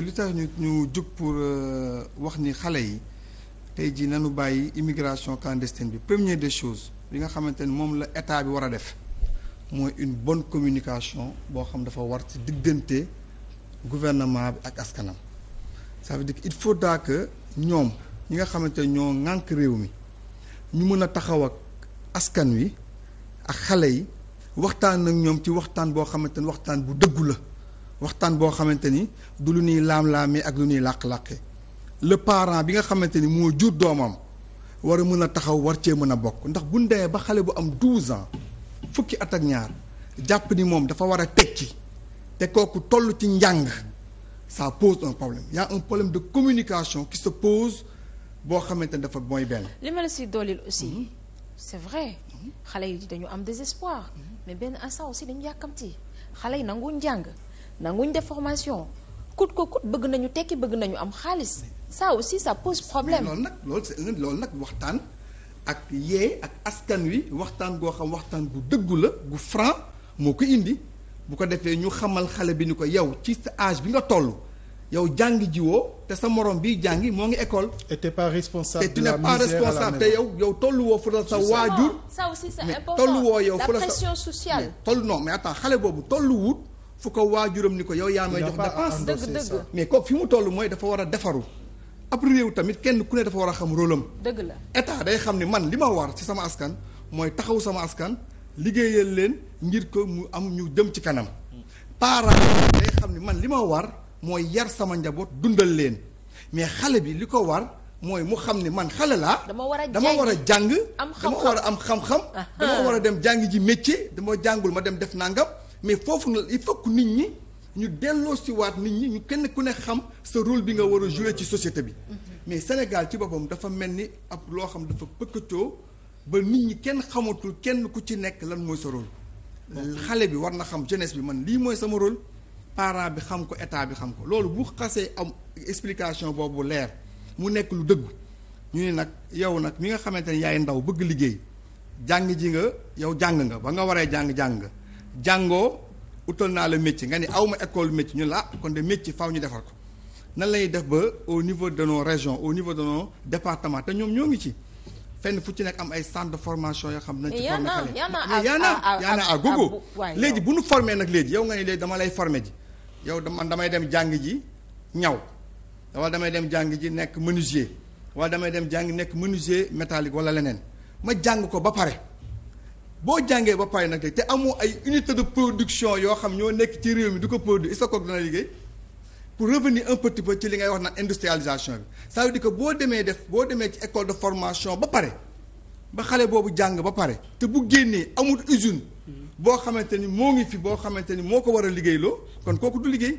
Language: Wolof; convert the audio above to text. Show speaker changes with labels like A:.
A: li tax ñu ñu jug pour euh, wax ni xale yi tey jii nanu bàyyi immigration clandestine bi premier des choses bi nga xamante ni moom la état bi war a def mooy une bonne communication boo xam dafa war ci diggante gouvernement bi ak askanam ça veut dire il faudra que ñoom ñi nga xamante ñoo ŋànk réew mi ñu mën a taxaw ak askan wi ak xale yi waxtaan nag ñoom ci waxtaan boo xamante ni waxtaan bu dëggu la waxtaan boo xamante ni du lu ñuy laam-laamee ak lu ñuy làq-làqe le parent bi nga xamante ni moo jur doomam war a mën a taxaw war cee mën a bokk ndax bu ndee ba xale bu am 12 ans fukki at ak ñaar jàpp ni moom dafa war a teg ci te kooku toll ci njàng sa pose un problème y a un problème de communication ki se pose boo xamante ni dafa mooy benn. li ma si dooleel aussi. Mhm. c'est vrai mhm. xale yi dañu am désespoir mhm. mais benn instant aussi dañu yàkkamti xale yi nangu njàng. nanguñ def formation coûte que coûte bëgg nañu tekki bëgg nañu am xaalis ça aussi ça pose problème. loolu nag lool c'est loolu nag waxtaan ak yee ak askan wi waxtaan goo xam waxtaan gu dëggu la gu franc moo ko indi bu ko defee ñu xamal xale bi ni ko yow ci sa age bi nga toll. yow jàng jiwoo te sa morom bi jàngi moo ngi école. et t'es pas responsable de la misère à la maison te tu pas responsable te yow yow tolluwoo fu la sa waajur. ça aussi c'est important mais yow fu la sa la pression sociale. mais xale boobu tolluwut. fu ko waajuram ni ko yow yaa may jox dépense dëgg mais kooku fi mu toll mooy dafa war a defaru ab réew tamit kenn ku ne dafa war a xam rôle am dëgg la état day xam ni man li ma war ci sama askan mooy taxaw sama askan liggéeyal leen ngir ko mu am jëm ci kanam parent man li ma war mooy yar sama njaboot dundal leen mais xale bi li ko war mooy mu xam ni man xale laa dama war a jàng dama war a am xam-xam dama war a dem jàng ji métier dama jàngul ma dem def nangam mais foofu na il faut que nit ñi ñu delloo si waat nit ñi ñu kenn ku ne xam sa rôle bi nga war a jouer ci société bi mais Sénégal ci boppam dafa mel ni ab loo xam dafa pëkkatoo ba nit ñi kenn xamatul kenn ku ci nekk lan mooy sa rôle xale bi war na xam jeunesse bi man lii mooy sama rôle parent bi xam ko état bi xam ko loolu bu xasee am explication boobu leer mu nekk lu dëgg ñu ne nag yow nag mi nga xamante ne yaay ndaw bëgg liggéey jàng ji nga yow jàng nga ba nga waree jàng jàng nga jàngoo utal naa la métier nga ni awma école métier ñu la ah, kon de métier faw ñu defar ko nan lañuy def ba au niveau de nos région au niveau de nos départements te ñoom ñoo ngi ci fenn fu ci nekk am ay centre de formation yoo xam nañ ci formé xale yaana yaana à gogo léegi bu nu formé nag léegi yow nga ni léegi dama lay formé ji yow dama damay dem jàng ji ñaw wala damay dem jàng ji nekk menuisier wala damay dem jàng nekk menuisier métallique wala leneen ma jàng ko ba pare boo jàngee ba pare nag te amoo ay unité de production yoo xam ñoo nekk ci réew mi du ko produire est-ce que kooku dana liggéey pour revenir un petit peu ci li ngay wax na industrialisation bi ça veut dire que boo demee def boo demee ci école de formation ba pare ba xale boobu jàng ba pare te bu génnee amul usine boo xamante ni moo ngi fi boo xamante ni moo ko war a liggéeyloo kon kooku du liggéey